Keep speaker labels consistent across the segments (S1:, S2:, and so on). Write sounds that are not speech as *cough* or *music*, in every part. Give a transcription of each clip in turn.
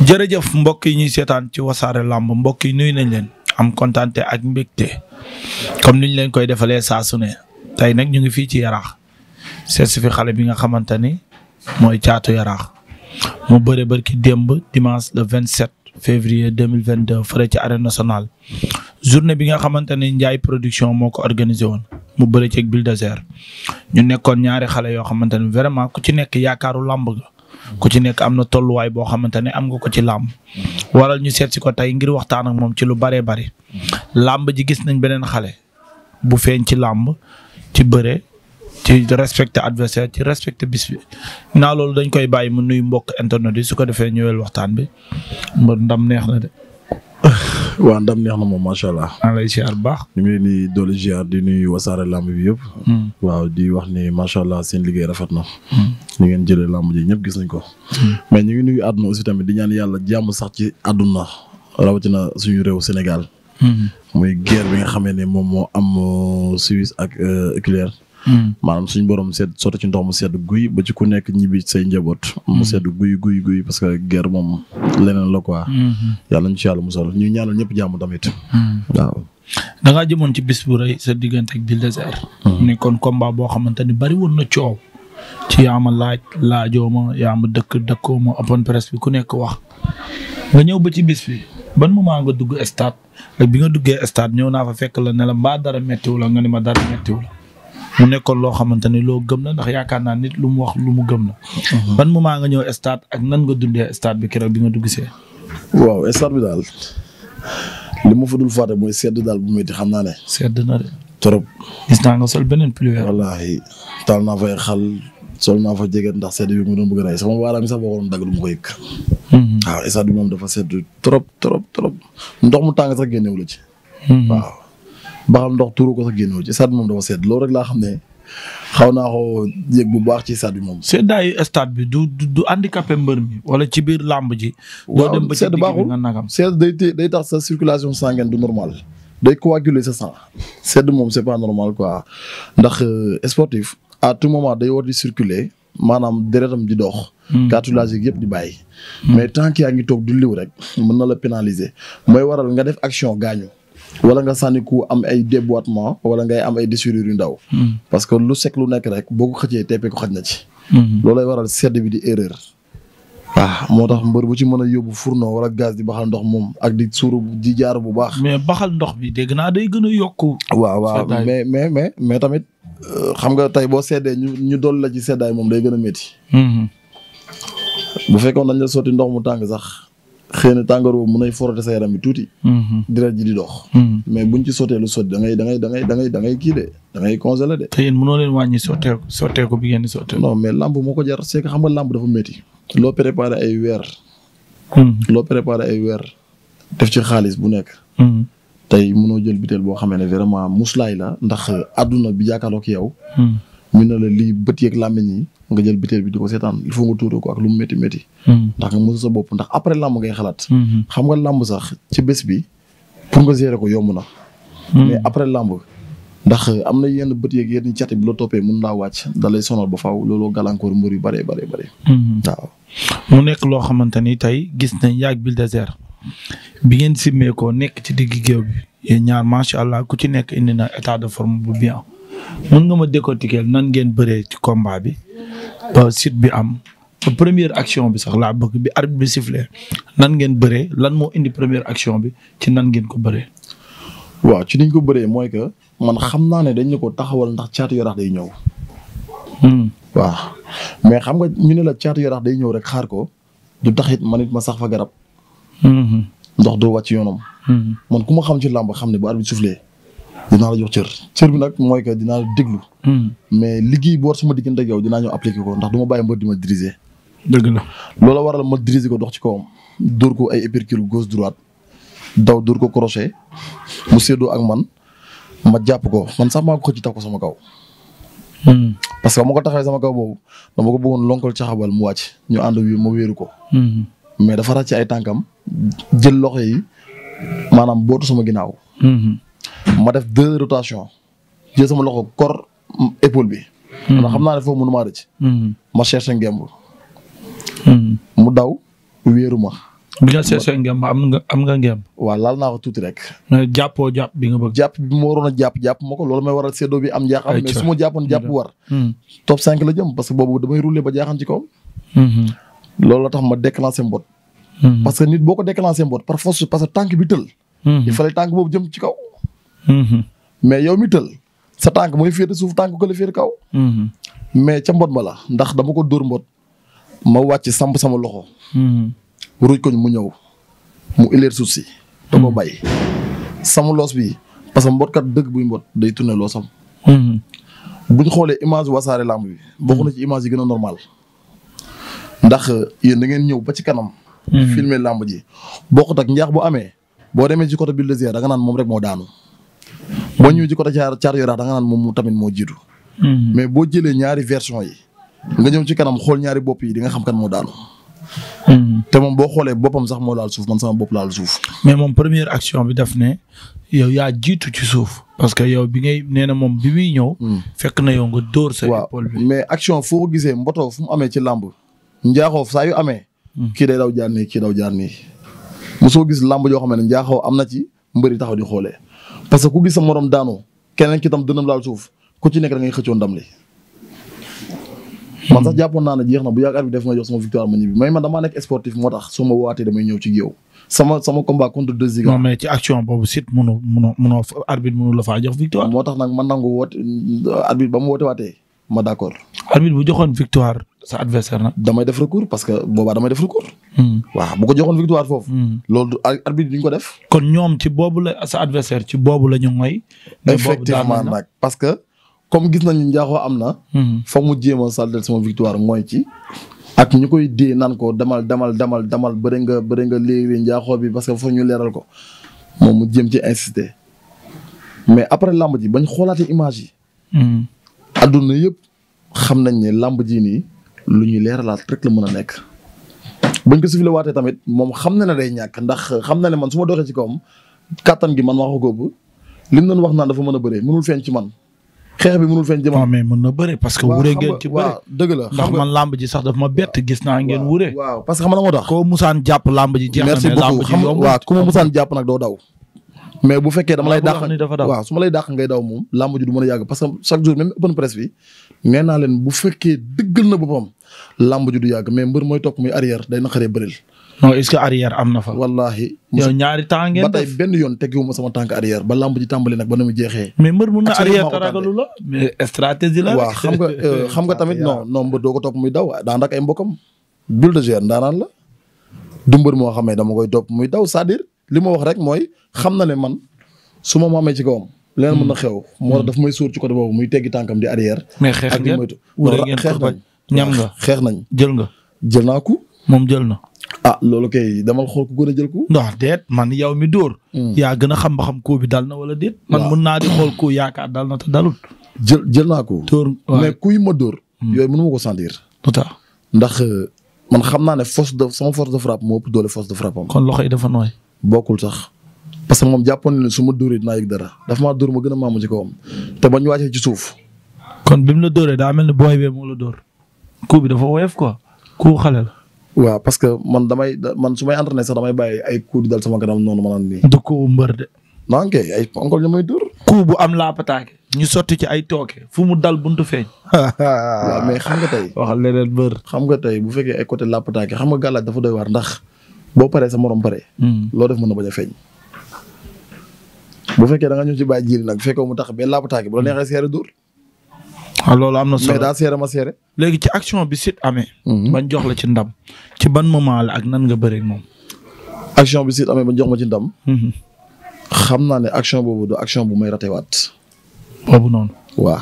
S1: jërëjëf mbokk yi ñuy seetaan ci wasaare làmb mbokk yi nuyu nañ leen am kontaan ak mbégte comme niñ leen koy defalee saa su ne tey nag ñu ngi fii ci yaraax seet si fi xale bi nga xamante ni mooy caatu yaraax mu bëre bërki démb dimanche le 27 février 2022 fële ci arène nationale journée bi nga xamante ni Ndiaye production moo ko organisé woon mu bëre ci ak Bulldozer ñu nekkoon ñaari xale yoo xamante ni vraiment ku ci nekk yaakaaru làmb ga ku ci nekk am na tolluwaay boo xamante ne am nga ko ci làmb waral ñu seet si ko tey ngir waxtaan ak moom ci lu baree bari làmb ji gis nañ beneen xale bu feeñ ci làmb ci bëre ci respecté adversaire ci respecte bis bi naa loolu dañ koy bàyyi mu nuyu mbokk internet yi su ko defee ñëwel waxtaan bi ndam neex na de
S2: *laughs* waaw ndam neex na moom macha allah. maa lay ziar bu baax. ñu ngi leen di dolli ziar di nuyu wasaare lamb bi yëpp. Hmm. waaw di wax ni macha allah seen liggéey rafet na. Hmm. ñu ngeen jëlee lamb ji ñëpp gis nañ ko. Hmm. mais ñu ngi nu àdduna aussi tamit di ñaan yàlla jàmm sax ci àdduna rawatina suñu réew Sénégal. muy guerre bi nga xamee ne moom moo am euh, Suisse ak euh, Éclair. Mm. maanaam suñu borom sedd sotti ci ndox mu sedd guy ba ci ku nekk ñibbi say njaboot. mu sedd guy guy guy parce que guerre moom leneen la quoi. Mm-hmm. yàlla ñu ci yàlla musal ñuy ñaanal ñëpp jàmm tamit. dangaa
S1: mm. da jëmoon ci bis bu rëy sa diggante ak Bulldozer. Mm. kon combat boo xamante ni bari woon na coow. ci yaa ma laaj laajoo ma yaa ma dëkk dëkkoo ma open presse bi ku nekk wax. nga ñëw ba ci bis bi ban moment nga dugg stade ak bi nga duggee stade ñëw naa fa fekk la nela la mbaa dara méttiwu nga ne ma dara méttiwu mu nekkoon loo xamante ni loo gëm na ndax yaakaar naa nit lu mu wax lu mu gëm na la. Mhm. ban maa nga ñëw stade ak nan nga dundee stade bi keroog bi nga dugg see.
S2: waaw stade bi daal li dul fàtte mooy sedd daal bu di xam naa ne.
S1: sedd na de. trop.
S2: gis naa nga sol beneen pluie. wallaahi xal sol naa fa jege ndax sedd bi mu doon sama waaraam sax boo waroon dagg ma ko yëg. Mhm. moom dafa sedd trop trop ndox mu tàng sax génnewu la ci. Mhm. waaw. ba xam ndox tuuru ko sax génnoo ci stade moom dafa sedd loolu rek laa xam ne xaw naa ko yëg bu baax ci stade bi moom.
S1: seddaay stade bi du du du handicapé mbër mi wala ci biir làmb ji.
S2: doo ba ci digg bi nga nagam sedd day day tax sa circulation sanguine du normal day coaguler sa sang sedd moom c'est pas normal quoi ndax euh, sportif à tout moment day war di circuler. maanaam deretam di dox. Hmm. cartilage yëpp di bàyyi. Hmm. mais tant que yaa ngi toog du liw rek mën na la pénaliser. mooy waral nga def action gaañu. wala nga sànni ku am ay déboîtement wala ngay am ay déchirures yu ndaw. Hmm. parce que lu sec lu nekk rek boo ko xëccee teppee ko xaj na ci. Hmm. loolay waral sedd bi di erreur. ah moo tax mbër bu ci mën a yóbbu furno wala gaz di baxal ndox moom ak di suuru di jaar bu baax.
S1: mais baxal ndox bi dégg naa
S2: day gën yokk. waaw waaw mais mais mais mais tamit euh, xam nga tey boo seddee ñu ñu dool la ci seddaay moom day gën a métti. Hmm. bu fekkoon dañ la sotti ndox mu tàng sax xëy na tàngoor boobu mun nay forote sa yaram bi tuuti. Mhm. deret ji di dox. Mhm. mais buñ ci sottee lu sotti da ngay da ngay da ngay da ngay da ngay kii de da ngay congelé de. te yéen leen wàññi sotteeku sotteeku bi ngeen di sotteeku. non mais lamb moo ko jar c'est que xam dafa métti. loo préparé ay weer. Mhm. loo préparé ay weer def ci xaalis bu nekk. tey mënoo jël biteel boo xamee ne vraiment muslaay la ndax àdduna bi jàkkaarloog yow. mun na la lii bët yeeg làmmiñ yi nga jël biteel bi di ko seetaan il faut nga tuuroo ko ak lu mu métti métti. Hmm. ndax nga mosu sa bopp ndax après làmb ngay xalaat. Hmm. xam nga làmb sax ci bés bi pour nga gérer ko yomb na. Hmm. mais après làmb ndax na yenn bët yeeg yenn cati bi la toppee da ba faaw looloo gàllankoor mbir yu bëree bëri bëri.
S1: waaw. mu loo xamante ni tey gis nañ yaag Bulldozer bi ngeen simmee nekk ci digg géew bi yéen ñaar allah ku ci nekk indi na état de forme bu bien. mën nga ma décortiquer nan ngeen bëree ci combat bi sit bi am ba première action bi sax laa bëgg bi arbitre bi sifflé nan ngeen bëree lan moo indi première action bi ci nan ngeen ko bëree.
S2: waaw ci niñ ko bëree mooy que man xam naa ne dañ ñu ko taxawal ndax caatu yaraax day ñëw. Hmm. waaw mais xam nga ñu ne la caatu yaraax day ñëw rek xaar ko du tax it man ma sax fa garab. Hmm. ndox doo wàcc yoonam. Hmm. man ku ma xam ci làmb xam ne bu arbitre sifflé dinaa la jox cër cër mooy que dinaa la déglu. Hmm. mais liggéey bu war sama diggante ak yow dinaa ñëw appliqué ko ndax du ma bàyyi mbër di ma diriger. dëgg la waral ma diriger ko dox ci kawam dóor ko ay épercule gauche droite daw door ko crochet mu séddoo ak man ma jàpp ko man sax maa ko xëcc tax ko sama kaw. Hmm. parce que moo ko taxawee sama kaw boobu dama ko bëggoon lonkal ci xabal mu wàcc ñu ànd wi ma wéeru ko. Hmm. mais dafa ci ay tànkam jël loxo yi maanaam bootu sam ginnaaw. ma def deux rotation jël sama loxo kor épaule bi. Hmm. ndax xam naa ne foofu mënu maa rëcc. Hmm. ma cherché ngemb. Hmm. mu daw wéeru ma. bi nga cherché ngemb am nga am nga ngemb. waaw laal naa ko tuuti rek. jàppoo jàpp bi nga bëgg. jàpp bi jàpp jàpp ma ko loolu may waral séddoo bi am jaaxam. mais su ma jàppoon jàpp war. top 5 la jëm parce que boobu damay rouler ba jaaxam ci kaw. loolu tax ma déclenché mbot. parce que nit boo ko déclenché mbot par force parce que tànk bi tël. il fallait tànk boobu jëm ci kaw. Mm-hmm. mais yow mi tël sa tànk mooy féete suuf tànk ko la féete kaw. Mm-hmm. mais ca mbot ma la ndax dama ko dóor mbot ma wàcc samp sama loxo. Mm-hmm. ruuj mu ñëw mu ileer suuf si. da ko bàyyi sama loos bi parce que mbotkat dëgg buy mbot day tourné loosam. bu ñu xoolee image wasaare lamb bi bokk na ci image yi gën a normal ndax yéen da ñëw ba ci kanam. filmer lamb ji bokkut ak njaax bu amee boo demee ci côté Buldozer da naan moom rek moo daanu. boo hmm. ñëwee ci ko caar caar yora da nga naan moom tamit moo jiitu. Hmm. mais boo jëlee ñaari version yi. nga ñëw ci kanam xool ñaari bopp yi di nga xam kan moo daanu. Hmm. te moom boo xoolee boppam sax moo laal suuf man sama bopp laal suuf.
S1: mais moom première action bi daf ne yow yaa jiitu ci suuf parce que yow bi ngay nee na moom bi muy
S2: ñëw. fekk na yow nga dóor sa épaule bi. mais action foo gisee mbotoo fu mu amee ci làmb njaaxoo saa yu amee. kii day daw jaar nii kii daw jaar nii. gis làmb joo xam ne njaaxoo am na ci mbëri taxaw di xoolee. parce que ku gis sa morom daanoo keneen ki tam dënam laal suuf ku ci nekk da ngay xëccoo ndam li. man sax jàppoon naa ne jeex na bu yàgg arbitre def ma jox sama victoire ma ñibbi mais man damaa nekk sportif moo tax su waatee damay ñëw ci yow sama sama combat contre deux Ziga. non action
S1: boobu sit mënoo mënoo la faa moo tax
S2: nag man nangu woote arbitre ba mu woote waatee ma d'accord.
S1: arbitre bu joxoon victoire sa adversaire na. damay def recours parce que boobaa damay def recours. Hmm. waaw bu ko joxoon victoire foofu. Hmm. loolu arbitre duñ ko def. kon ñoom ci boobu la sa adversaire ci boobu la ñu
S2: mooy. effectivement nag parce que comme gis nañu njaaxoo am na. Hmm. foog mu jéem a saldel sama victoire mooy ci. ak ñu koy dee naan ko demal demal demal demal bëri nga bëri nga léegi njaaxoo bi parce que foog ñu leeral ko moom mu jéem ci insister mais après lamb ji bañ xoolaatee image yi. adduna yëpp xam nañ ne làmb ji nii lu ñuy leeralaat rek la mën a nekk. bañ ko sifile waatee tamit moom xam na ne day ñàkk ndax xam na ne man su ma doxee ci kawam kàttan gi man maa ko góob lim doon wax naan dafa mën a bëree mënul feeñ ci man. xeex bi mënul feeñ jëmm. mais mën na bëre parce que wure ngeen ci bëre.
S1: dëgg la ndax man làmb ji sax daf ma bett gis naa ngeen wure. waaw parce que xam na moo tax. koo musaan jàpp
S2: làmb ji jeex na. merci beaucoup xam nga waaw ku ma musaan jàpp nag doo daw. mais bu fekkee dama lay dàq waaw su ma lay dàq ngay daw moom làmb ji du mën a yàgg parce que chaque jour même open presse bi nee naa leen bu fekkee dëggal na boppam làmb ji du yàgg mais mbër mooy topp muy arrière day naqaree bëril non est-ce que na fa wallaahi yow ñaari temps ngeen def ba tey benn ma sama tànk arrière ba làmb ji tàmbali na mu jeexee mais mbër mun na arrière taragalu
S1: la mais eh, stratégie xam nga *laughs* euh, xam nga tamit non
S2: non doo ko topp muy daw daan ak ay mbokam bulldozer ndaanaan la du mbër moo xam ne dama koy topp muy daw cest li ma wax rek mooy xam na ne man su ma amee ci kawam. leen mën na hmm. xew. moo tax hmm. daf may sóor ci côté boobu muy teggi tànkam di arrière. mais xeex ngeen wóoree ngeen xeex nañ ñam nga xeex nañ. jël nga jël naa ko. moom jël na. ah loolu kay
S1: damal xool ku gën a jël ko. ndax déet man yow mi dóor. Hmm. yaa gën a xam ba xam koo bi dal na wala déet. man mun naa di xool koo
S2: yaakaar dal na te dalul. jël jël naa ko. dóor mais kuy ma dóor. yooyu mënu ma ko sentir. ndax euh, man xam naa ne force de sama force de frappe moo ëpp bokkul sax parce que moom jàppoon na ne su ma dóoree dinaa yëg dara dafa maa dóor ma gën a maamu ci kawam te bañ wàccee ci suuf.
S1: kon bi mu la dóoree daa mel ni booy bee mu la dóor.
S2: coup bi dafa woyof quoi coup xale la. waaw parce que man damay man su may entraîné sax damay bàyyi ay coup dal sama kanam noonu ma a nii. du ko mbër de. non ok ay ponko ñu may dóor.
S1: coup bu am laa pataake ñu sotti ci ay tooke fu mu dal bunt feeñ.
S2: *laughs* waaw mais xam nga tey. waxal leneen mbër. xam nga tey bu fekkee ay côté laa pataake xam nga gàllaaj dafa doy waar ndax. boo pare sa moroom pare. loo def mën na bañ a feeñ. bu fekkee da nga ci bàyyi jiir nag bu fekkee mu tax ba laabutaaki bu boo neexee seere dóor. ah loolu am na solo mais daa seere ma seere.
S1: léegi ci action bi Siteu amee. Hmm. bañ jox la ci ndam. ci ban moment la ak nan nga bëri moom.
S2: bi Siteu amee bañ jox ma ci ndam. Hmm. xam naa ne action boobu du action bu may ratewaat.
S1: boobu noonu. waaw.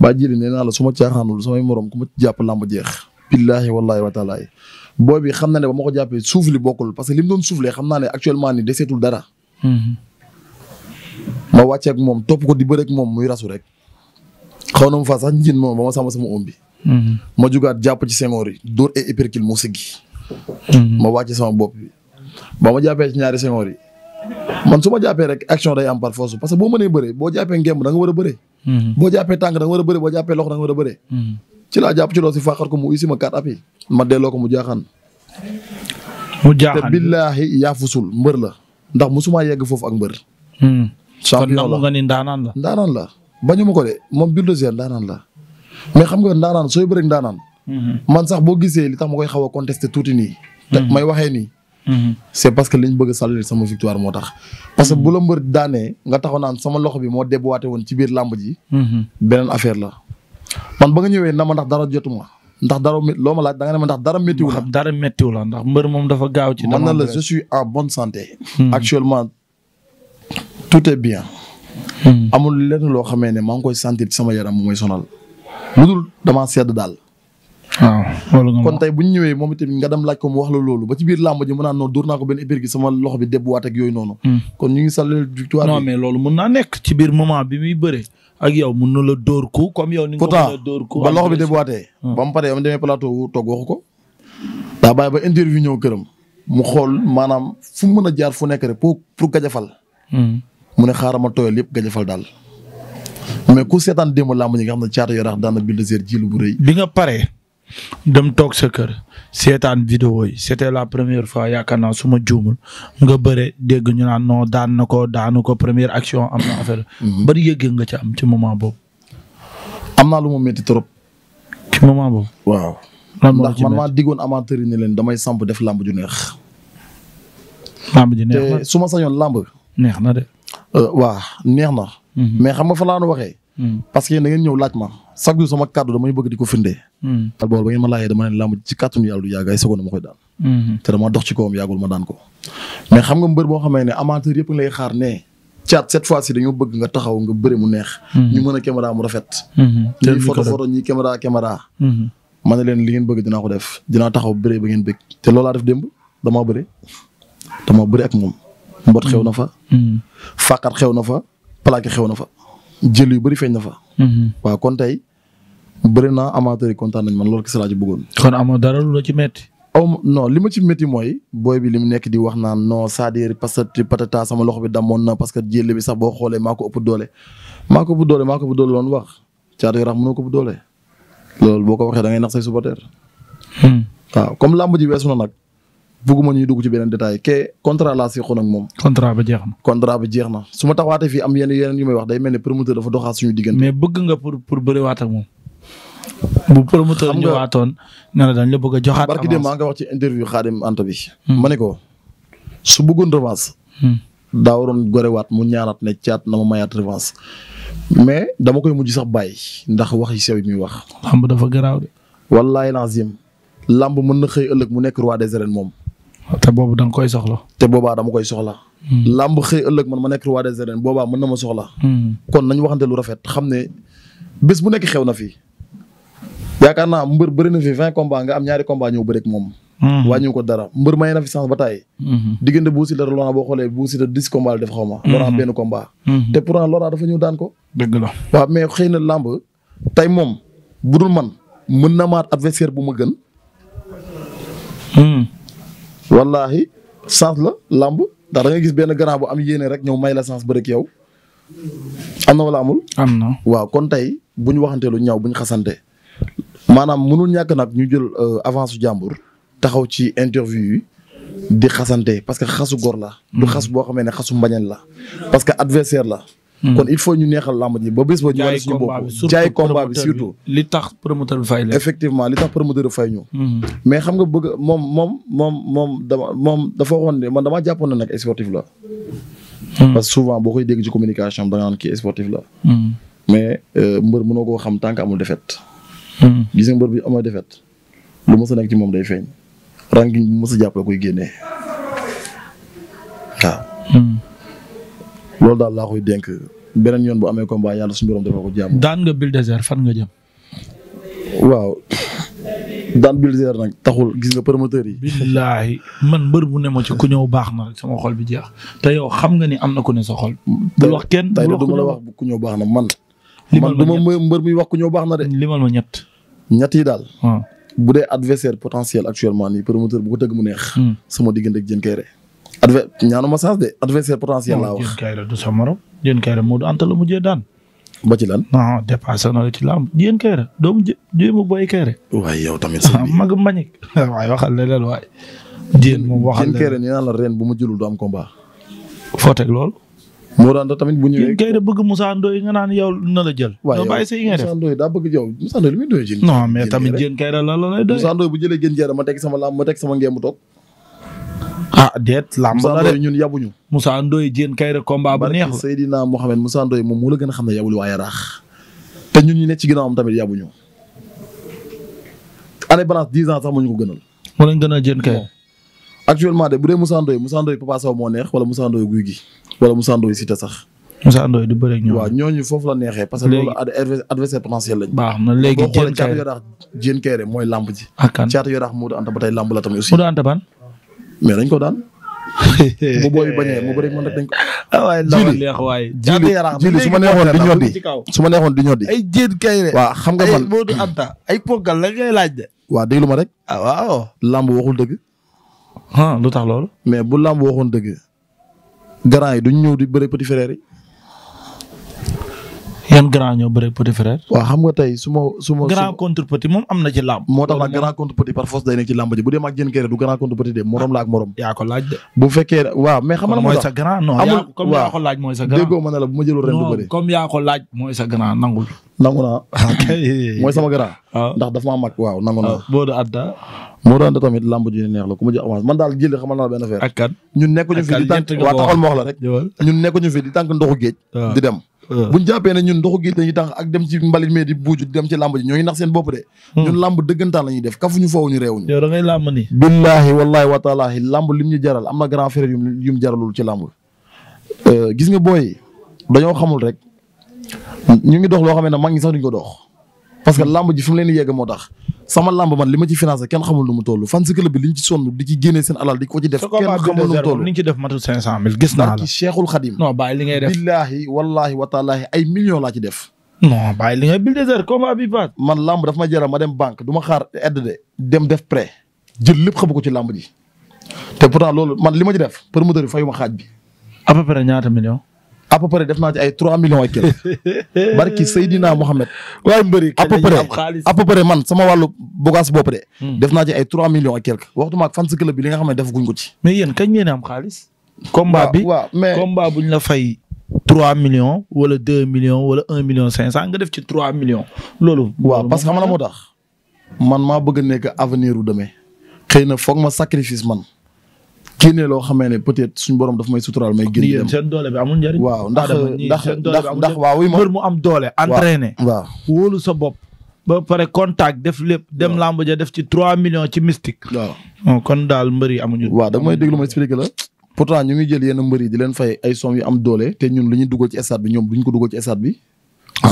S2: bàyyi jiir nee naa la su ma caaxaanul samay morom ku ma jàpp làmb jeex. billaahi wallaahi wa taalaay booy bi xam na ne ba ma ko jàppee suuf li bokkul parce que li mu doon suuflee xam naa ne actuellement ni deseetul dara. ma wàccee moom topp ko di bëre moom muy rasu rek. xaw na mu sax njin moom ba ma sàmm sama ombi. ma jugaat jàpp ci sengoor yi dóor ay épercule mu siggi. ma wàcce sama bopp bi ba ma jàppee ci ñaari sengoor yi. man su ma jàppee rek action day am par parce que boo mënee bëree boo jàppee ngemb da war a bëree. boo jàppee tànk da war a bëree boo jàppee loxo da war a bëree. ci laa jàpp ci loo si faaxar ko mu uy ma carte d'appui ma delloo ko mu jaaxaan. mu jaaxaan te billaahi yaafusul mbër la ndax musuma yegg foofu ak mbër. Hmm. champion la kon nangu nga ni ndaanaan la. ndaanaan la bañu ma ko de moom bulldozer ndaanaan la mais xam nga ndaanaan sooy bëreeg ndaanaan. Hmm. man sax boo gisee li tax ma koy xaw a contesté tuuti nii. te hmm. may waxee nii. c'est parce que lañ bëgg a sama victoire moo tax. parce que bu la mbër daanee nga taxaw naan sama loxo bi moo déboîté woon ci biir làmb ji. beneen affaire la. man ba ñëwee na ma ndax dara jotuma ndax dara loo ma laaj da nga ne ma ndax dara méttiwu dara méttiwu la ndax mbër moom dafa gaaw ci. man na la je suis en bonne santé. Hmm. actuellement tout est bien. Hmm. amul lenn loo xamee ne maa ngi koy sentir sama yaram mu may sonal. lu dul sedd daal. waaw loolu nga kon tey bu ñu ñëwee moom itam nga dem laaj ko mu wax la loolu ba ci biir làmb ji mu naan noonu dóor naa ko benn épeer gi sama loxo bi debbuwaat ak yooyu noonu. Hmm. kon ñu ngi sàllale victoire nekk biir moment
S1: bi muy bëre ak yow mun
S2: ko comme yow. ni ko a dóor ko ba loxo bi debbuwaatee. Hmm. ba mu paree demee plateau toog waxu ko. daa bàyyi ba interview ñëw këram. mu xool maanaam fu mu mën a jaar fu nekk rek pour pour gajafal. Hmm. mu ne xaaral ma tooyal yëpp gajafal daal. mais ku seetaan démb làmb ñi nga xam ne caatu na bulldozer jilu bu rëy. bi nga paree dem toog sa seetaan vidéo yi c'était la
S1: première fois yaakaar naa suma ma juumul nga bëre dégg ñu naan non daan na ko daanu ko première action am na affaire. Mhm. bari yëg nga ci am ci moment boobu.
S2: am naa lu ma métti trop. ci moment boobu. waaw ndax man maa diggoon amateur yi ne leen damay samp def làmb ju neex. làmb ju su ma sañoon làmb. neex na de. Euh, waa neex na. Mhm. mais xam nga fa laa waxee. Mhm. parce que da ñëw laaj ma. chaque jour sama kàddu damay bëgg di ko firndee. daal hmm. boobu ba ngeen ma laajee dama ne làmb ci kàttanu yàlla du yàgg ay seconde ma koy daan. Hmm. te dama dox ci kawam yàggul ma daan ko. mais xam nga mbër boo xamee ne amateur yëpp nga lay xaar ne caat cette fois ci dañoo bëgg nga taxaw nga bëre mu neex. Hmm. ñu mën a caméra mu rafet. ba ngeen bëgg te loolaa def démb damaa bëre damaa bëre ak moom. mbot xew na fa. fàqat xew fa plaqué xew fa jël yu bëri feeñ fa. waaw kon tey bëri naa amateurs yi kontaan nañ man loolu kese laa ci bëggoon. kon amoo dara lu la ci métti. aw non li ma ci métti mooy booy bi li mu nekk di wax naan non c'est-à-dire patata sama loxo bi damoon na parce que jël bi sax boo xoolee maa ëpp doole. maa ëpp doole maa wax caatu yaraax mënoo ko ëpp doole loolu boo ko waxee da nax say supporter. Hmm. waaw comme làmb weesu na nag bëgguma ñuy dugg ci beneen détail ke contrat laa si xoon moom. contrat ba bu promoteur ñëwaatoon ne la dañ la bëgg a joxaat. avance barki de maa nga wax ci interview Xaadim Anta bi. Hmm. ma ne ko su bëggoon revanche. Hmm. daa waroon gorewaat mu ñaanaat ne caat na ma mayaat revanche mais dama koy mujj sax bàyyi ndax wax yi sew yi muy wax. lamb dafa garaaw de. wallaahi lazim lamb mën na xëy ëllëg mu nekk roi des arènes moom. te
S1: boobu da koy soxla.
S2: te boobaa dama koy soxla. Hmm. lamb xëy ëllëg man ma nekk roi des arènes boobaa mën na ma soxla. kon nañ waxante lu rafet xam ne bés bu nekk xew na fii. yaakaar naa mbër bëri na fi vingt combat nga am ñaari combat ñëw bëri ak moom. Hmm. wàññiwu ko dara mbër may na fi chance ba tàyyi. Hmm. diggante Bou Siteu Laurent boo xoolee Bou Siteu dix combat la def xaw ma. Hmm. Laurent benn combat. te pourtant daan ko. dëgg la waaw mais xëy na làmb tey moom budul man mën na maat adversaire bu ma gën. wallaahi la làmb ndax da nga gis benn grand bu am yéene rek ñëw may la chance bëri ak yow. na wala amul. am waaw kon tey bu ñu waxantee lu bu ñu xasante maanaam mënul ñàkk nag ñu jël euh, avance su jàmbur taxaw ci interview yi di xasante parce que xasu gor la. du mm-hmm. xas boo xamee ne xasu mbañan la. parce que adversaire la. Mm-hmm. kon il faut ñu neexal làmb ji ba bés ba ñu wane suñu li tax promoteur bi fay la li tax promoteur bi mm-hmm. mais xam nga bëgg moom moom moom moom dama moom dafa waxoon man damaa jàppoon ne nag sportif la. parce que souvent boo koy dégg ci communication da nga naan kii sportif la. mais euh, mbër mënoo koo xam tant que amul défaite. Hmm. gis nga mbër bi amay defet lu mos a nekk ci moom day feeñ ranking bu mos a jàpp la koy génnee waaw. Hmm. loolu daal laa koy denk beneen yoon bu amee combat yàlla suñu borom defal ko jàmm.
S1: daan nga Bulldozer fan nga jëm.
S2: waaw daan Bulldozer nag taxul gis nga promoteur yi. billaahi
S1: man mbër bu ne ma ci ku ñëw baax na rek sama xol bi jeex te yow xam nga ni am na ku ne sa xol.
S2: bul wax kenn bul wax ku ñëw baax na man. limal ma man du ma mbër muy wax baax na de. limal ma ñett. ñett yi daal. Ah. bu dee adversaire potentiel actuellement nii promoteur bu ko tëgg mu neex. Hmm. sama diggante ak Diène Kaïré. adver ñaanu ma saas de adversaire potentiel laa oh, wax. Diène
S1: Kaïré du sa morom. Diène Kaïré moo du antal la mujjee daan. ba ci lan. non dépassé na la ci lamb Diène Kaïré a booy Kaïré. waaye yow tamit sëñ bi *laughs* mag mañik. *laughs* waaye waxal ne leen waaye. Diène moom waxal ne Diène Kaïré
S2: nee naa la ren bu ma jëlul du am combat.
S1: foo teg loolu. moo daan tamit bu ñëwee.
S2: bëgg Moussa Ndoye nga naan yow na la jël. waaye mais tamit jën kay da la la lay doy. Moussa Ndoye bu jëlee jën jeera ma teg sama lamb ma teg sama ngeen mu toog. ah déet lamb la de ñun yabuñu.
S1: Moussa Ndoye jën
S2: moom moo la gën a xam ne yabul waaye raax. te ñun ñu ne ci am tamit yabuñu. année balance dix ans sax moo ñu ko gënal.
S1: moo leen gënal jën kay.
S2: actuellement de bu dee Moussa Ndoye Moussa moo neex wala Moussa Ndoye guy gi wala Moussa Ndoye Siteu sax.
S1: Moussa Ndoye du bëre
S2: ñoom. waaw ñooñu foofu la neexee. parce que loolu adversaire potentiel lañ. baax na léegi boo xoolee caatu mooy lamb ji. ak ah, kan caatu yaraax Moodu ba tey lamb la tamit aussi. Moodu Anta dañ ko daan. *laughs* bu booy bi bañee mu bëri mën dañ ko. waaye ndaw leex waaye. caatu yaraax jili su ma neexoon di ñoddi su ma neexoon di ñoddi. ay jéen kayre. waaw xam nga man ay Moodu Anta ay pogal la ngay laaj de. waaw déglu ma rek. ah waaw. lamb waxul dëgg. ah lu tax loolu. mais bu lamb waxoon dëgg grand yi duñ ñëw di bëre petit frère yi.
S1: yan grand ñoo bëre petit frère. waaw xam nga tey su ma su ma. grand
S2: contre moom am na ci làmb. moo tax la grand contre petit par force day nekk ci làmb ji bu dee mag jën kër du grand contre petit ko laaj waaw mais xam nga mooy sa grand laaj mooy sa grand déggoo la bu nangu naa *laughs* mooy sama grand. Ah. ndax dafa maa waaw nangu naa. Ah, boo adda. moo doon tamit làmb ji neex la ku ma jox avance man daal jëli xamal naa benn affaire. ak kan ñun nekkuñu fi di tànk waa taxal ma wax la rek. ñun nekkuñu Euh. bu ñu jàppee ne ñun ndoxu géej lañuy tànk ak dem ci mbalit mee di buuju dem ci làmb ji ñoo ngi nax seen bopp de. Hmm. ñun làmb dëggantaan la ñuy def kafuñu foowuñu réewuñu.
S1: yow da ngay làmb ni. billaahi
S2: wallaahi wataalaahi làmb lim ñu jaral am na grand frère yu jaralul ci làmb. Euh, gis nga booy dañoo xamul rek ñu ngi dox loo xam ne mag ñi sax duñ ko dox parce que làmb ji fi mu leen di yegg moo tax sama lamb man li ma ci financé kenn xamul nu mu toll fan si club bi li ci sonn di ci génnee seen alal di ko ci def kenn xamul nu mu toll li ci def matul cinq cent mille gis naa la ay millions laa ci def non bàyyi li ngay bulldozer combat man lamb dafa ma jaral ma dem banque du ma xaar aide de dem def prêt jël lépp xamu ko ci lamb ji te pourtant loolu man li ma ci def promoteur bi fayu ma xaaj bi à peu près ñaata millions à peu def naa ci ay trois millions et
S3: quelques *laughs* barki
S2: Seydina Mohamed. waaye mbëri à peu près à peu man sama wàllu bogaas bopp de. Hmm. def naa ci ay trois millions et quelques waxtu maag fan si club bi li nga xam ne def guñ ko ci. mais yéen kañ ngeen am xaalis. combat bi waaw mais combat buñ la fay. trois
S1: millions wala deux millions wala un million cinq cent nga def ci trois millions. loolu waaw parce que xam na moo
S2: tax. man maa bëgg nekk avenir u demee. xëy na foog ma sacrifice man. génne loo xamee ne peut-être suñu borom daf may suturaal may. génn dem
S1: seen doole bi amul njëriñ. waaw ndax ndax ndax waaw wuy ma
S2: waaw wóolu sa bopp. ba pare
S1: contact def lépp dem lamb ja def ci 3 millions ci mystique. waaw oh, kon daal mbër yi amuñu.
S2: waaw da may déglu ma expliqué la. pourtant ñu ngi jël yenn mbër yi di leen fay ay somme yu am doole te ñun lu ñu dugal ci stade bi ñoom duñ ko dugal ci stade bi.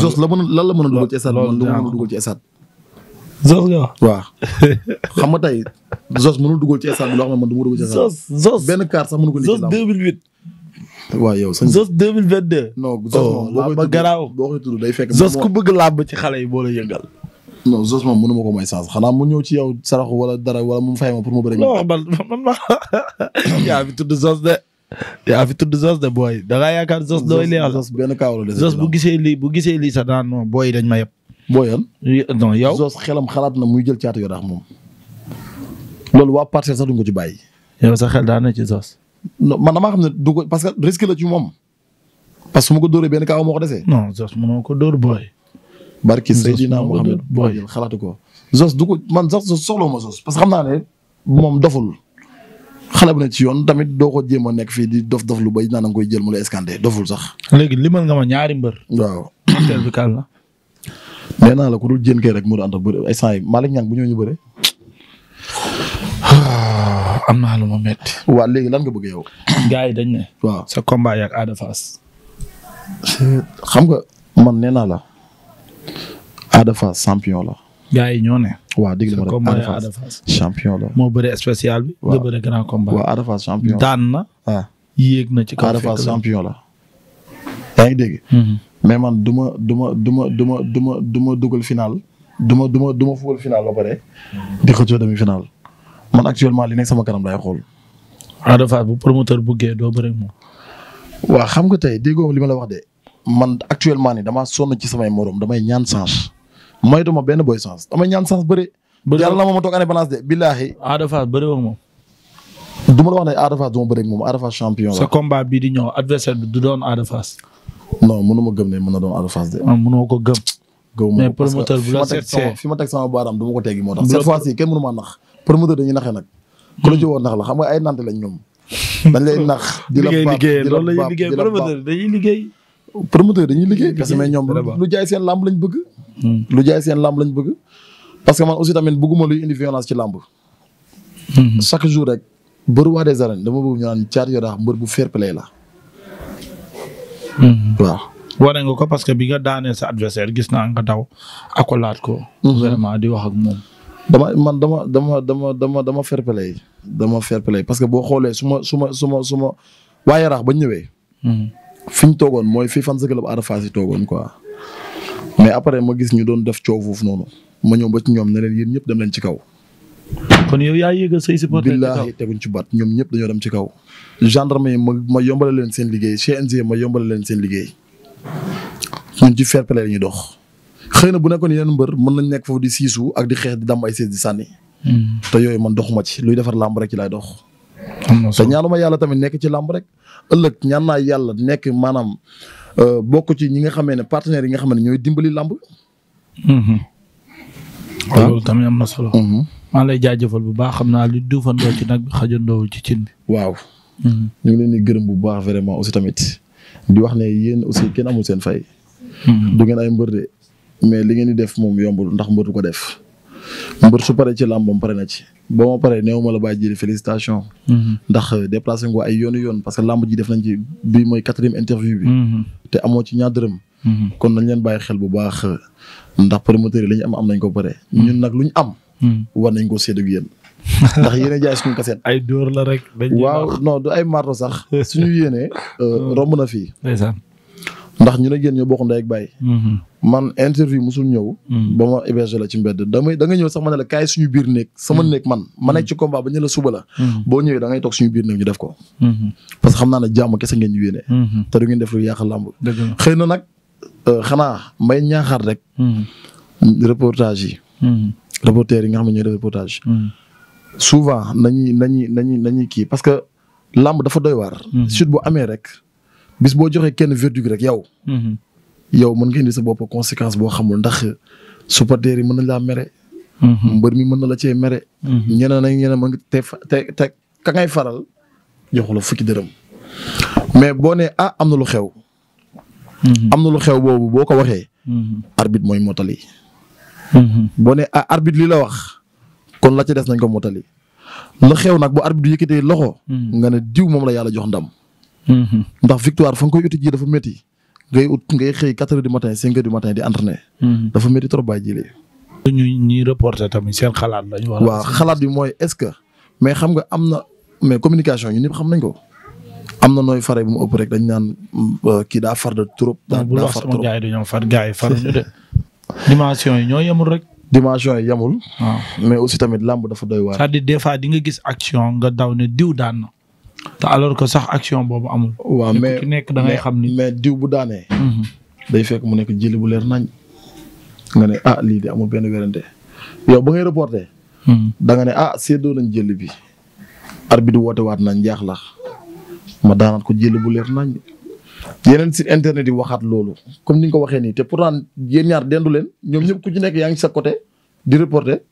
S2: Zos ah, la mën lan la mën a dugal ci stade bi man lu mën a dugal ci *laughs* xam nga tey Zos mënul dugal ci stade bi loo xam ne man du ma dugal ci stade bi. Zos benn kaart sax mënu ko lii Zos 2008. waaw yow sëñ bi Zos 2022. non Zos moom oh, garaaw boo fekk. Zos ku bëgg làmb ci xale yi boo la yëngal. non Zos ma ko may chance xanaa mu ñëw ci yow saraxu wala wala mu fay ma pour ma bëri. non man man ma
S1: *coughs* yaa fi tudd Zos de. yaa fi booy da ngaa yaakaar Zos dooy leeral. Zos
S2: benn kaaw lii sa gisee lii sax daan non booy dañ ma yëpp. booy Zos xelam xalaat na muy jël caatu yor moom loolu waa parcelle sax duñ ko ci bàyyi. yow sa xel daan na ci Zoss. non man damaa xam ne du parce que risque la ci moom parce que su ma ko moo ko desee. non Zoss mënoo ko dóor booy. barki Seydina Mohamed booy xalaatu ko. Zoss du ko man Zoss soxla ma Zoss parce que xam naa ne moom doful xale bu ne ci yoon tamit doo ko jéem a nekk fii di dof dof lu bay naan nga koy jël mu la escanté doful sax. léegi limal nga ma ñaari mbër. waaw teel bi kaal la. *coughs* nee naa la ku dul jën kay rek mu doon ànd ak bëri ay saa yi Malick Niang bu ñëwee ñu bëre. Ah, am naa lu ma métti. waa léegi lan nga bëgg yow. *coughs* gars yi dañ ne. waaw sa combat yak Ada Fass. xam nga man nee naa la Ada Fass champion la. gars yi ñoo ne. waa dégg la. moo
S1: bëre spécial bi. waaw nga bëre grand Ada Fass champion la daan na. waaw ah. yéeg na ci kaw Ada Fass champion la.
S2: yaa mhm. ma ma ma ma ma du ma dugal final. du ma du ma du ma final ba pare. di ko coow demi final. man actuellement li nekk sama karam laay xool. Ada Fass bu promoteur buggee doo bëri moom. waaw xam nga tey déggoo li ma la wax de man actuellement ni damaa sonn ci samay morom damay ñaan chance moytu ma benn boy chance damay ñaan chance bëri. bëri yàlla na ma ma toog année balance de billaahi. Ada Fass bëri woon moom. du ma la wax ne Ada Fass du ma bëri moom Ada Fass champion la. sa
S1: combat bii di ñëw adversaire du doon Ada Fass.
S2: non mënu ma gëm ne mën na doon Ada Fass de. ah ko gëm. gëw ma ko parce que fi ma teg promoteur dañuy naxee nag. ku la ci hmm. woo nax la xam nga ay nant lañ ñoom. dañ lay *laughs* nax di la baab di la baab di la baab dañuy liggéey promoteur dañuy liggéey parce que mais ñoom lu jaay seen làmb lañ bëgg. Hmm. lu jaay seen làmb lañ bëgg. parce que man aussi tamit bëgguma luy indi violence ci làmb. Hmm. chaque jour rek mbër waa des arènes dama bëgg ñu naan Thiatou Yarakh mbër bu fair play la. waaw.
S1: wane nga ko parce que bi nga daaneel sa adversaire gis naa nga daw akolaat ko.
S2: vraiment di wax ak moom. dama man dama dama dama dama dama fair dama fair parce que boo xoolee su ma su ma suma suma su ma waa Yaraax ba ñëwee. Hmm. fi ñu toogoon mooy fi fan sa club Ada Fass yi toogoon quoi. mais après ma gis ñu doon def coow foofu noonu ma ñëw ba ci ñoom ne leen yéen ñëpp dem leen ci kaw. kon yow yaa yëgal say supporter billaahi teguñ ci baat ñoom ñëpp dañoo ci kaw. gendarme yi ma ma yombale leen seen liggéey CNG ma yombale leen seen liggéey ñun ci fair play ñu dox. xëy ne bu nekkoon yeneen mbër mën nañ nekk foofu di siisu ak di xeex di dam ay sees di sànni. Hmm. te yooyu man doxuma ci luy defar làmb rek ci laay dox. te ñaanuma yàlla tamit nekk ci làmb rek. ëllëg ñaan naa yàlla nekk maanaam euh, bokk ci ñi nga xamee ne partenaires yi nga xam ne ñooy dimbali làmb.
S3: Hmm.
S1: Ah. loolu tamit am na solo. Hmm. maa lay jaajëfal bu baax xam naa li duufandoo ci nag bi xajandoowul ci
S2: cin waaw. ñu ngi leen di gërëm bu baax vraiment aussi tamit di wax ne yéen aussi kenn amul seen fay. mais li ngeen di def moom yombul ndax mbër du ko def mbër su paree ci làmbam pare na ci ba ma paree ma la bàyyi jëli félicitation. Mhm. ndax déplacé nga ay yoonu yoon parce que làmb ji def nañ ci bii mooy quatrième interview bi. Mhm. te amoo ci ñaar dërëm. Mhm. kon nañ leen bàyyi xel bu baax ndax promoteur yi am am nañ ko pare. ñun nag lu ñu am. war nañ ko sédd ak yéen. ndax yéen a jaay suñu kaset. *laughs* ay dóor la rek. waaw non du ay marto sax. suñu yéenee euh, romb na fii. ndax ñu ne yéen ñoo bokk ndey ak baay. Mhm. man interview musul ñëw. Mhm. ba ma la ci mbedd damay da nga ñëw sax ma ne la kaay suñu biir néeg sama mhm. néeg man ma nekk ci combat ba ñu la suba la. boo ñëwee da ngay toog suñu biir néeg ñu def ko. parce que xam na nag euh, xanaa may ñaaxaat rek. reportage yi. reporters yi nga xam ne ñooy dafa doy waar. chute bu amee rek. bis boo joxee kenn verdict rek yow. Mm-hmm. yow mën nga indi sa bopp conséquence boo xamul ndax supporters yi mën na laa mere. Mm-hmm. mbër mi mën na la cee mere. Mm-hmm. ñeneen ak ñeneen mën nga te te te ka ngay faral joxu la fukki dërëm. mais boo nee ah am na lu xew. am na lu xew boobu boo ko waxee. arbitre mooy motali. boo ne ah arbitre li la wax kon la ci des nañ ko motali. lu xew nag boo bu arbitre yëkkatee loxo. nga ne diw moom la yàlla jox ndam. Mm-hmm. ndax victoire fa nga koy uti ji dafa métti ngay ut ngay xëy quatre heures du matin cinq heures du matin di entraîner. Mm-hmm. dafa métti trop bàyyi ji
S1: ñuy ñuy reporter tamit seen xalaat lañu war xalaat
S2: bi mooy est-ce que mais xam nga am na mais communication ñu ni xam nañ ko. am na nooy fare bu mu ëpp rek dañ naan euh, kii daa far de trop. daa daa far trop gars yi dañoo far gars yi de. *laughs* dimension yi ñoo yemul rek. dimension yi yemul. Ah. mais aussi tamit làmb dafa doy waar. cest à
S1: des fois di nga gis action nga daw ne diw daan te alors que sax action boobu amul. waaw mais nekk da ngay xam ni
S2: mais diw bu daanee. Mhm. day fekk mu nekk jël bu leer nañ. nga ne ah lii de amul benn werante yow ba ngay reporté. Mhm. da nga ne ah séddoo nañ jëli bi. arbitre woote waat nañ jaaxla ma daanaat ko jëli bu leer nañ. yeneen si internet yi waxaat loolu comme ni nga ko waxee nii te pourtant yéen ñaar dendu leen ñoom ñëpp ku ci nekk yaa ngi sa côté di reporté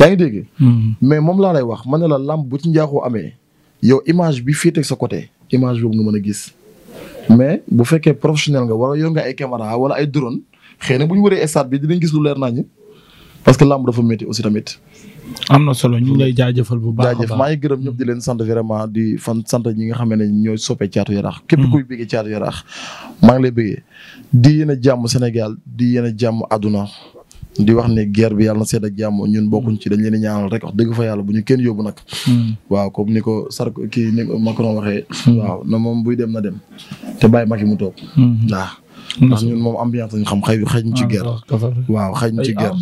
S2: yaa ngi dégg. Mhm. mais moom laa lay wax man ne la làmb bu ci njaaxoo amee. yow image bi féetee sa côté image boobu nga mën a gis mais bu fekkee professionnel nga wala yor nga ay caméra wala ay drone xëy na bu ñu wëree stade bi dinañ gis lu leer nañu parce que làmb dafa métti aussi tamit.
S1: am na solo ñu ngi lay jaajëfal bu baax a baax maa ngi
S2: gërëm ñëpp di leen sant vraiment di fan sant ñi nga xam ne soppe caatu yaraax. Mm. képp kuy bëggee caatu yaraax maa ngi lay bëggee di yéen a jàmm Sénégal di yéen a jàmm àdduna di wax ne geer bi yàlla na seet ak jàmm ñun bokkuñ ci dañ leen di ñaanal rek wax dëgg fa yàlla bu ñu kenn yóbbu nag. Hmm. waaw comme ni ko Sarko kii ni ko Macron waxee. Hmm. waaw na moom buy dem na dem te bàyyi Macky mu toog. Hmm. waaw ndax ñun moom ambiance ñu xam xëy xëy ci ah, guerre. waaw xëy ci guerre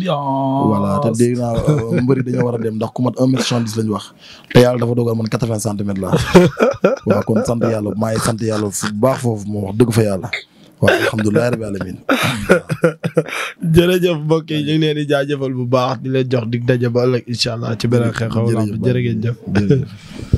S1: voilà te dégg naa euh, mbëri dañoo war a
S2: dem ndax ku mat un mètre soixante-dix lañ wax te yàlla dafa dogal man quatre-vingts centimètres la *laughs* waaw kon sant yàlla maa ngi yàlla baax foofu moom wax dëgg fa yàlla. waaw alhamdulilah rabbi alamin *laughs* jërëjëf mbokk yi ñu ngi leen di jaajëfal
S1: bu baax di leen jox dig daje ba ëllëg incha allah ci beneen xew-xew lamb jërëjëf jëf